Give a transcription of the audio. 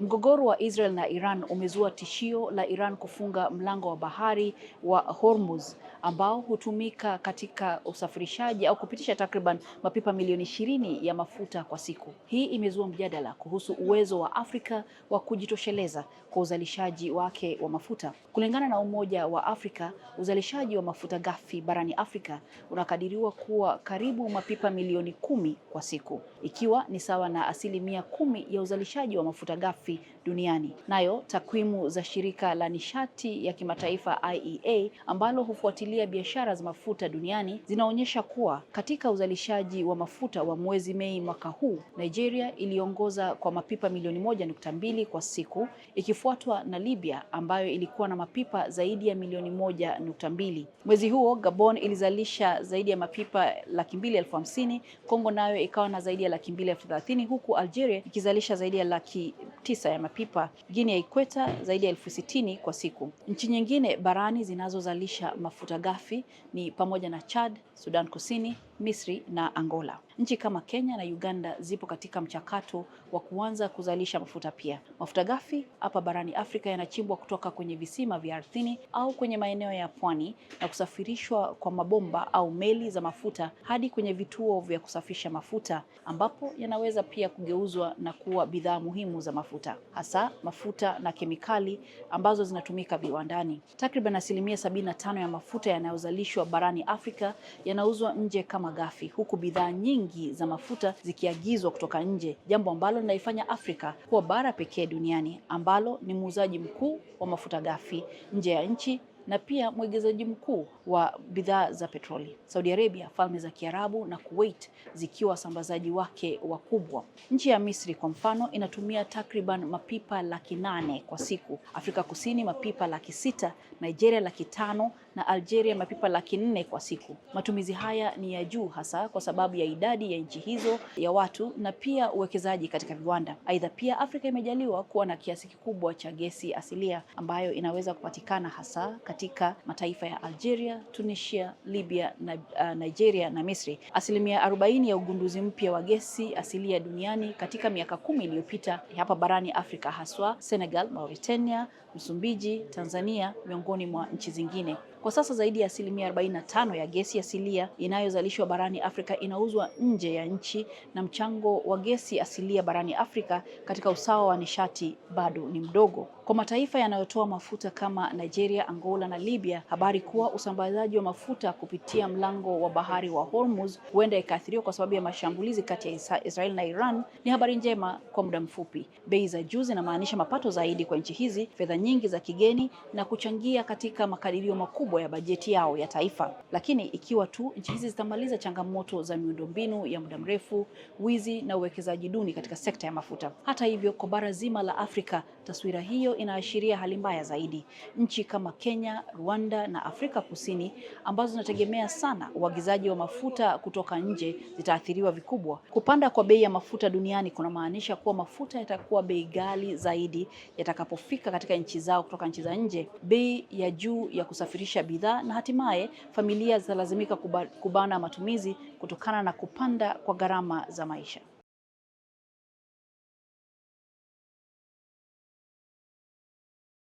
Mgogoro wa Israel na Iran umezua tishio la Iran kufunga mlango wa bahari wa Hormuz ambao hutumika katika usafirishaji au kupitisha takriban mapipa milioni ishirini ya mafuta kwa siku. Hii imezua mjadala kuhusu uwezo wa Afrika wa kujitosheleza kwa uzalishaji wake wa mafuta. Kulingana na Umoja wa Afrika, uzalishaji wa mafuta ghafi barani Afrika unakadiriwa kuwa karibu mapipa milioni kumi kwa siku, ikiwa ni sawa na asilimia kumi ya uzalishaji wa mafuta ghafi duniani. Nayo takwimu za shirika la nishati ya kimataifa IEA ambalo hufuatilia kufuatilia biashara za mafuta duniani zinaonyesha kuwa katika uzalishaji wa mafuta wa mwezi Mei mwaka huu, Nigeria iliongoza kwa mapipa milioni moja nukta mbili kwa siku ikifuatwa na Libya ambayo ilikuwa na mapipa zaidi ya milioni moja nukta mbili. Mwezi huo Gabon ilizalisha zaidi ya mapipa laki mbili elfu hamsini, Kongo nayo ikawa na zaidi ya laki mbili elfu thelathini huku Algeria ikizalisha zaidi ya laki tisa ya mapipa Guinea ya Ikweta zaidi ya elfu sitini kwa siku. Nchi nyingine barani zinazozalisha mafuta ghafi ni pamoja na Chad, Sudan Kusini, Misri na Angola. Nchi kama Kenya na Uganda zipo katika mchakato wa kuanza kuzalisha mafuta pia. Mafuta ghafi hapa barani Afrika yanachimbwa kutoka kwenye visima vya ardhini au kwenye maeneo ya pwani na kusafirishwa kwa mabomba au meli za mafuta hadi kwenye vituo vya kusafisha mafuta ambapo yanaweza pia kugeuzwa na kuwa bidhaa muhimu za mafuta, hasa mafuta na kemikali ambazo zinatumika viwandani. Takriban asilimia sabini na tano ya mafuta yanayozalishwa barani Afrika yanauzwa nje kama gharama huku bidhaa nyingi za mafuta zikiagizwa kutoka nje, jambo ambalo linaifanya Afrika kuwa bara pekee duniani ambalo ni muuzaji mkuu wa mafuta ghafi nje ya nchi na pia mwegezaji mkuu wa bidhaa za petroli. Saudi Arabia, Falme za Kiarabu na Kuwait zikiwa wasambazaji wake wakubwa. Nchi ya Misri kwa mfano inatumia takriban mapipa laki nane kwa siku, Afrika Kusini mapipa laki sita, Nigeria laki tano na Algeria mapipa laki nne kwa siku. Matumizi haya ni ya juu hasa kwa sababu ya idadi ya nchi hizo ya watu na pia uwekezaji katika viwanda. Aidha, pia Afrika imejaliwa kuwa na kiasi kikubwa cha gesi asilia ambayo inaweza kupatikana hasa katika katika mataifa ya Algeria, Tunisia, Libya na, uh, Nigeria na Misri. Asilimia 40 ya ugunduzi mpya wa gesi asilia duniani katika miaka kumi iliyopita hapa barani Afrika haswa Senegal, Mauritania, Msumbiji, Tanzania miongoni mwa nchi zingine. Kwa sasa zaidi ya asilimia 45 ya gesi asilia inayozalishwa barani Afrika inauzwa nje ya nchi na mchango wa gesi asilia barani Afrika katika usawa wa nishati bado ni mdogo. Kwa mataifa yanayotoa mafuta kama Nigeria, Angola na Libya, habari kuwa usambazaji wa mafuta kupitia mlango wa bahari wa Hormuz huenda ikaathiriwa kwa sababu ya mashambulizi kati ya Israel na Iran ni habari njema kwa muda mfupi. Bei za juu zinamaanisha mapato zaidi kwa nchi hizi, fedha nyingi za kigeni na kuchangia katika makadirio makubwa kubwa ya bajeti yao ya taifa. Lakini ikiwa tu nchi hizi zitamaliza changamoto za miundombinu ya muda mrefu, wizi na uwekezaji duni katika sekta ya mafuta. Hata hivyo, kwa bara zima la Afrika, taswira hiyo inaashiria hali mbaya zaidi. Nchi kama Kenya, Rwanda na Afrika Kusini ambazo zinategemea sana uagizaji wa mafuta kutoka nje zitaathiriwa vikubwa. Kupanda kwa bei ya mafuta duniani kunamaanisha kuwa mafuta yatakuwa bei ghali zaidi yatakapofika katika nchi zao kutoka nchi za nje. Bei ya juu ya kusafirisha kuimarisha bidhaa na hatimaye familia zitalazimika kubana matumizi kutokana na kupanda kwa gharama za maisha.